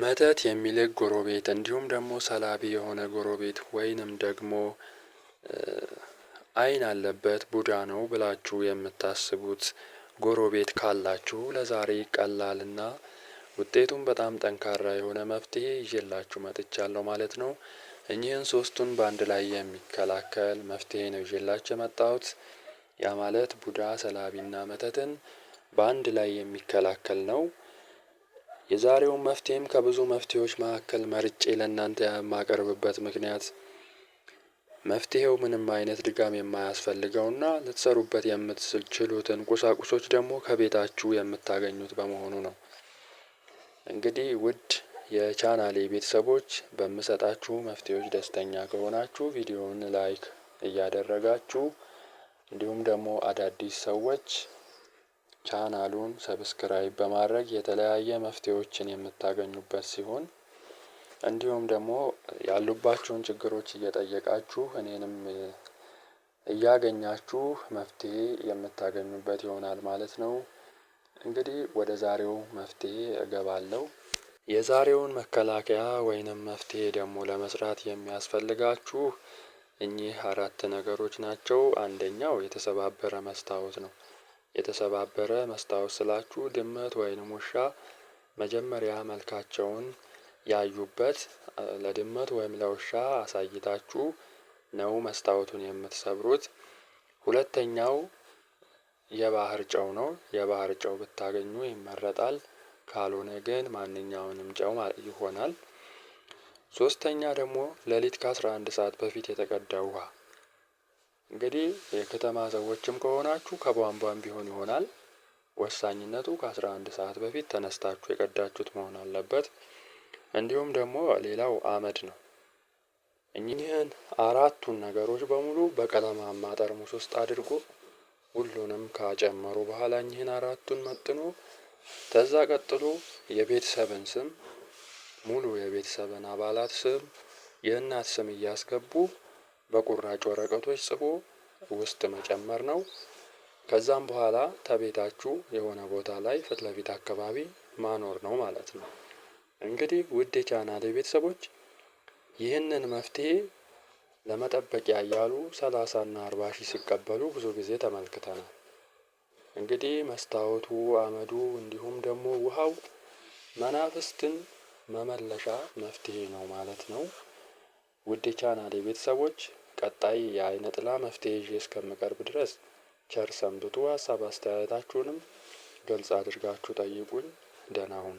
መተት የሚልክ ጎረቤት እንዲሁም ደግሞ ሰላቢ የሆነ ጎረቤት ወይንም ደግሞ አይን አለበት ቡዳ ነው ብላችሁ የምታስቡት ጎረቤት ካላችሁ ለዛሬ ቀላልና ውጤቱም በጣም ጠንካራ የሆነ መፍትሄ ይዤላችሁ መጥቻለሁ ማለት ነው። እኚህን ሶስቱን በአንድ ላይ የሚከላከል መፍትሄ ነው ይዤላችሁ የመጣሁት። ያ ማለት ቡዳ፣ ሰላቢና መተትን በአንድ ላይ የሚከላከል ነው። የዛሬውን መፍትሄም ከብዙ መፍትሄዎች መካከል መርጬ ለእናንተ የማቀርብበት ምክንያት መፍትሄው ምንም አይነት ድጋም የማያስፈልገውና ልትሰሩበት የምትችሉትን ቁሳቁሶች ደግሞ ከቤታችሁ የምታገኙት በመሆኑ ነው። እንግዲህ ውድ የቻናሌ ቤተሰቦች በምሰጣችሁ መፍትሄዎች ደስተኛ ከሆናችሁ ቪዲዮውን ላይክ እያደረጋችሁ እንዲሁም ደግሞ አዳዲስ ሰዎች ቻናሉን ሰብስክራይብ በማድረግ የተለያየ መፍትሄዎችን የምታገኙበት ሲሆን እንዲሁም ደግሞ ያሉባችሁን ችግሮች እየጠየቃችሁ እኔንም እያገኛችሁ መፍትሄ የምታገኙበት ይሆናል ማለት ነው። እንግዲህ ወደ ዛሬው መፍትሄ እገባለሁ። የዛሬውን መከላከያ ወይንም መፍትሄ ደግሞ ለመስራት የሚያስፈልጋችሁ እኚህ አራት ነገሮች ናቸው። አንደኛው የተሰባበረ መስታወት ነው። የተሰባበረ መስታወት ስላችሁ ድመት ወይንም ውሻ መጀመሪያ መልካቸውን ያዩበት ለድመት ወይም ለውሻ አሳይታችሁ ነው መስታወቱን የምትሰብሩት። ሁለተኛው የባህር ጨው ነው። የባህር ጨው ብታገኙ ይመረጣል። ካልሆነ ግን ማንኛውንም ጨው ይሆናል። ሶስተኛ ደግሞ ሌሊት ከ11 ሰዓት በፊት የተቀዳ ውሃ እንግዲህ የከተማ ሰዎችም ከሆናችሁ ከቧንቧም ቢሆን ይሆናል። ወሳኝነቱ ከ11 ሰዓት በፊት ተነስታችሁ የቀዳችሁት መሆን አለበት። እንዲሁም ደግሞ ሌላው አመድ ነው። እኚህን አራቱን ነገሮች በሙሉ በቀለማማ ጠርሙስ ውስጥ አድርጎ ሁሉንም ካጨመሩ በኋላ እኚህን አራቱን መጥኖ ተዛ ቀጥሎ የቤተሰብን ስም ሙሉ የቤተሰብን አባላት ስም የእናት ስም እያስገቡ በቁራጭ ወረቀቶች ጽፎ ውስጥ መጨመር ነው። ከዛም በኋላ ተቤታችሁ የሆነ ቦታ ላይ ፊት ለፊት አካባቢ ማኖር ነው ማለት ነው። እንግዲህ ውድ የቻናሌ ቤተሰቦች ይህንን መፍትሄ ለመጠበቂያ እያሉ ና አርባ ሺህ ሲቀበሉ ብዙ ጊዜ ተመልክተናል። እንግዲህ መስታወቱ፣ አመዱ እንዲሁም ደግሞ ውሃው መናፍስትን መመለሻ መፍትሄ ነው ማለት ነው። ውድ የቻናሌ ቤተሰቦች ቀጣይ የአይነ ጥላ መፍትሄ ይዤ እስከምቀርብ ድረስ ቸር ሰንብቱ። ሀሳብ አስተያየታችሁንም ግልጽ አድርጋችሁ ጠይቁኝ። ደህና ሁኑ።